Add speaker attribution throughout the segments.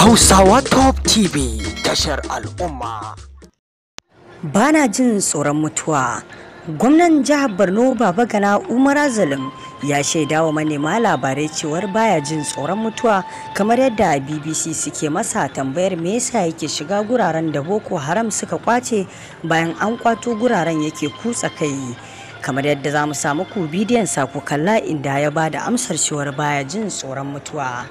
Speaker 1: Hausawa Top TV
Speaker 2: tashar al'umma.
Speaker 1: Bana jin tsoron mutuwa. Gwamnan jihar Borno Baba Gana Umar Azalim ya shaida wa manema labarai cewar baya jin tsoron mutuwa kamar yadda BBC suke masa tambayar me yasa yake shiga guraren da Boko Haram suka kwace bayan an kwato guraren yake kutsa kai. kamar yadda za mu samu ku bidiyon sa ku kalla inda ya ba da amsar cewar baya jin tsoron mutuwa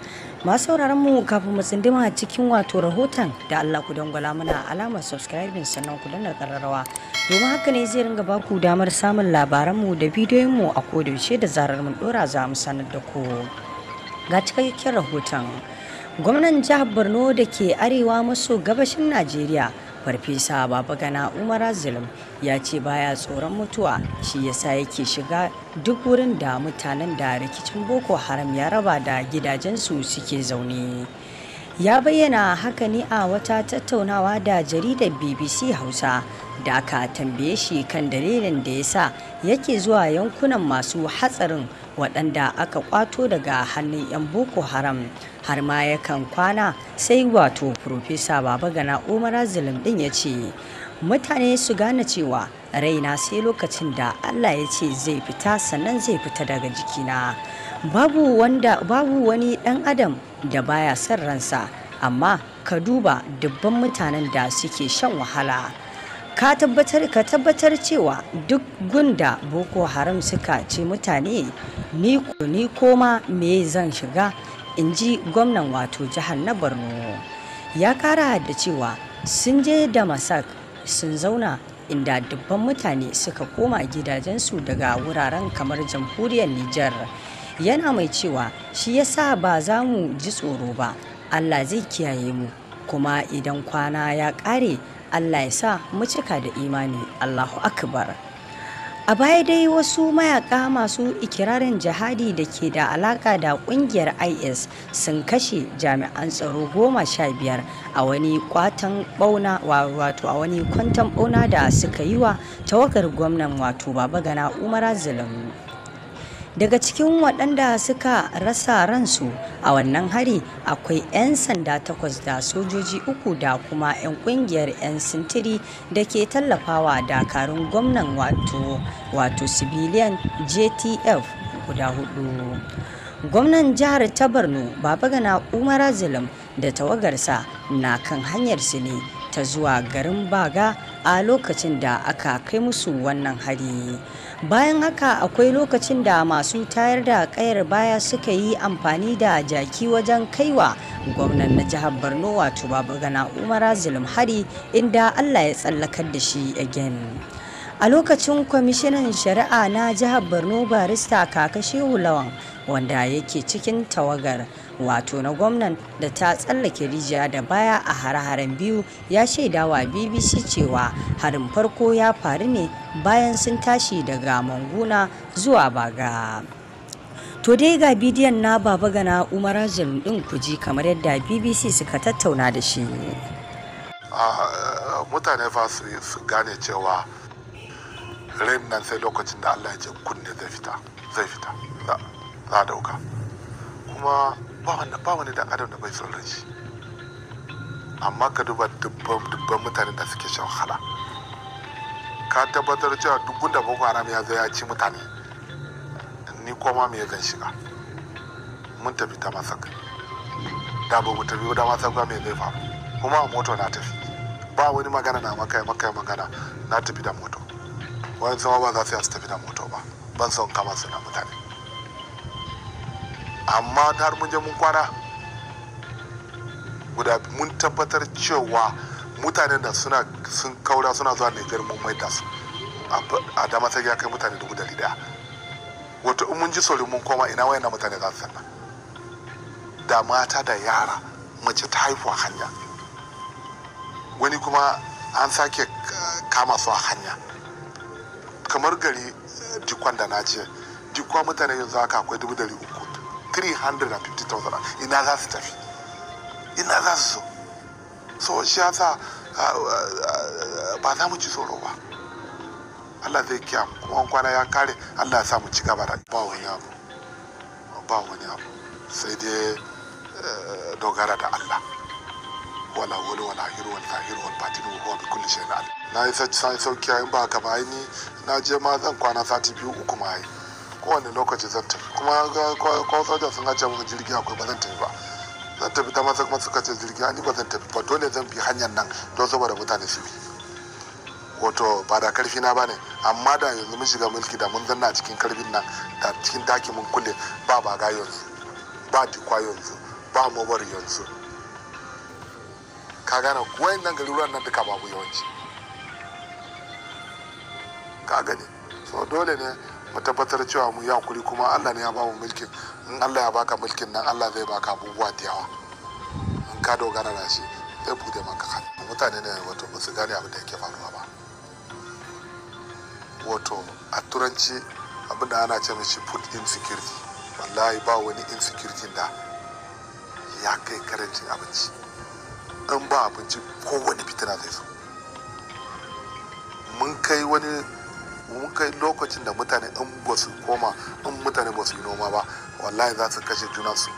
Speaker 1: masu sauraron mu kafin mu tsindima a cikin wato rahoton da Allah ku dangwala muna, alamar subscribing sannan ku danna kararrawa domin haka ne zai ringa baku damar samun labaran mu da bidiyon mu a yaushe da zarar mun dora za mu sanar da ku ga cikakken rahoton gwamnan jihar Borno da ke arewa maso gabashin Najeriya farfesa gana umar zulum ya ce baya tsoron mutuwa shi yasa yake shiga duk wurin da mutanen da rikicin boko haram ya raba da gidajensu suke zaune ya bayyana haka ne a wata tattaunawa da jaridar bbc hausa da aka tambaye shi kan dalilin da ya sa yake zuwa yankunan masu hatsarin waɗanda aka kwato daga hannun 'yan boko haram har ma yakan kwana sai wato profesa gana umar zulum din ya ce mutane su gane cewa raina sai lokacin da allah ya ce zai fita sannan zai fita daga jikina babu wanda babu wani dan adam da baya son ransa amma ka duba dubban mutanen da suke shan wahala ka tabbatar ka tabbatar cewa duk gunda boko haram suka ce mutane ni ni koma me zan shiga in ji gwamnan wato jihar na borno ya kara da cewa sun je da masak sun zauna inda dubban mutane suka koma gidajensu daga wuraren kamar jamhuriyar Nijar. yana mai cewa shi ya sa ba za mu ji tsoro ba Allah zai kiyaye mu kuma idan kwana ya ƙare Allah ya sa mu cika da imani Allahu akbar a baya dai wasu mayaka masu ikirarin jihadi da ke da alaka da kungiyar is sun kashe jami'an tsaro goma sha biyar a wani kwatan bauna wato a wani kwantan bauna da suka yi wa tawagar gwamnan wato baba gana umara zulumu daga cikin waɗanda suka rasa ransu a wannan hari akwai 'yan sanda takwas da sojoji uku da kuma 'yan ƙungiyar 'yan sintiri da ke tallafawa dakarun gwamnan wato civilian jtf guda hudu gwamnan jihar ta borno babagana umar da tawagarsa na kan hanyar su ne ta zuwa garin baga a lokacin da aka kai musu wannan hari bayan haka akwai lokacin da masu tayar da kayar baya suka yi amfani da jaki wajen kaiwa gwamnan na jihar borno wato babagana umara zulum hari inda allah ya tsallakar da shi again a lokacin kwamishinan shari'a na jihar borno barista kaka shehu wanda yake cikin tawagar wato na gwamnan da ta tsallake rijiya da baya a hare-haren biyu ya shaidawa bbc cewa harin farko ya faru ne bayan sun tashi daga manguna zuwa baga to dai ga bidiyon na baba gana umar azul din kuji kamar yadda bbc suka tattauna da shi
Speaker 2: ah, mutane ba su gane cewa rain nan sai lokacin da allah ya ce kunne zai fita zai fita za a dauka kuma ba wani dan adam da bai tsoron shi amma ka duba dubban mutane da suke shan wahala ka tabbatar cewa duk gunda boko haram ya zo ya ci mutane ni koma mai zan shiga mun tafi ta masa da ba mu tafi da masa ba mai zai faru kuma a moto na tafi ba wani magana na makai makai magana na tafi da moto wani sama ba za su tafi da moto ba ban son kama su na mutane amma har mun je mun kwana guda mun tabbatar cewa mutanen da suna sun kaura suna zuwa Niger mun maida su a dama ta ya kai mutane dubu dari daya wato in mun ji sori mun koma ina wayan mutane za su sanna da mata da yara mace ta haifu a hanya wani kuma an sake kama su a hanya kamar gari jikwan eh, da na ce jikwa mutane yanzu haka akwai dubu dari uku 350,000 ina za su tafi ina za su so so shi yasa ba za mu ci tsoro ba Allah zai kiya kuma kwana ya kare Allah ya sa mu ci gaba da ba wani abu ba wani abu sai dai dogara da Allah wala wala wala hiru wal zahiru wal batinu huwa bi kulli shay'in alim na yi sauki in ba kama ba ni na jema ma zan kwana sati biyu uku ma yi kowane lokaci zan tafi kuma ko soja sun ajiye musu jirgi akwai ba zan tafi ba zan tafi ta masu kuma suka ce jirgi an ba zan tafi ba dole zan bi hanyar nan don saboda mutane su bi wato ba da karfi na bane amma da yanzu mun shiga mulki da mun zanna cikin karfin nan da cikin daki mun kulle ba baga yanzu ba dikwa yanzu ba mawar yanzu ka gane kuwa yin nan garuruwan nan duka babu yawanci ka gane so dole ne mu tabbatar cewa mu yi hakuri kuma allah ne ya ba mu mulkin in allah ya baka mulkin nan allah zai baka abubuwa da yawa in ka dogara da shi zai bude maka kan mutane ne wato ba su gane abin da yake faruwa ba wato a turanci abin da ana ce mishi put insecurity wallahi ba wani insecurity da ya kai karancin abinci in ba abinci kowane fitina zai zo mun kai wani mun kai lokacin da mutane in ba su koma in mutane ba su yi noma ba wallahi za su kashe juna su.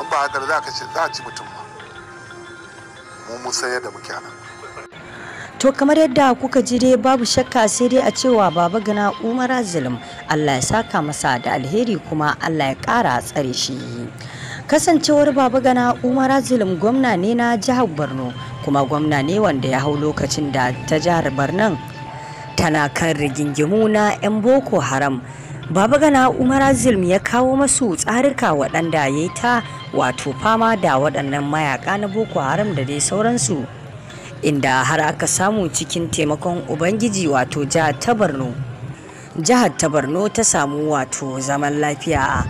Speaker 2: in ba haka za a kashe za a ci mutum ma mu mun sayar da muke nan
Speaker 1: to kamar yadda kuka ji dai babu shakka sai dai a cewa baba gana Umar zulum allah ya saka masa da alheri kuma allah ya kara tsare shi kasancewar baba gana Umar zulum gwamna ne na jihar borno kuma gwamna ne wanda ya hau lokacin da ta jihar barnan tana kan rigingimu na 'yan boko haram Babu gana umar azilm ya kawo masu tsarika waɗanda ya yi ta wato fama da waɗannan mayaka na boko haram da dai sauransu inda har aka samu cikin taimakon ubangiji wato jihar ta borno jihar ta borno ta samu wato zaman lafiya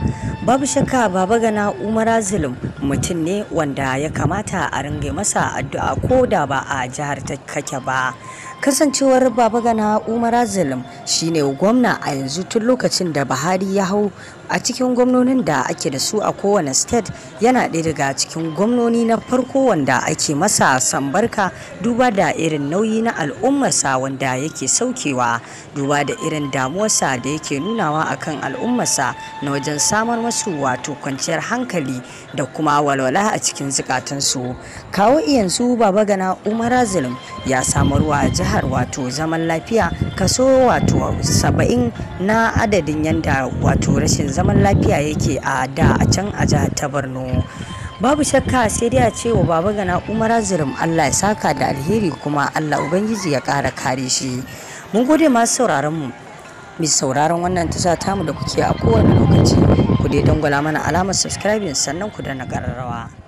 Speaker 1: babu shakka baba gana umar azulum mutum ne wanda ya kamata a ringa masa addu'a ko da ba a jihar ta kake ba kasancewar baba gana umar azulum shine gwamna a yanzu tun lokacin da buhari ya hau a cikin gwamnonin da ake da su a kowane state yana ɗaya daga cikin gwamnoni na farko wanda ake masa sambarka duba da irin nauyi na al'ummarsa wanda yake saukewa duba da irin damuwarsa da yake nunawa a kan al'ummarsa na wajen samar masu wato kwanciyar hankali da kuma walwala a cikin zukatansu kawo iyansu baba gana umar zulum ya samarwa jihar wato zaman lafiya kaso wato saba'in na adadin yanda wato rashin zaman lafiya yake a da a can a jihar ta borno babu shakka sai dai a ce wa baba gana umar azurum allah ya saka da alheri kuma allah ubangiji ya kara kare shi mun gode masu sauraron mu mai sauraron wannan tasha tamu da kuke a kowane lokaci ku dai dangwala mana alamar subscribing sannan ku da na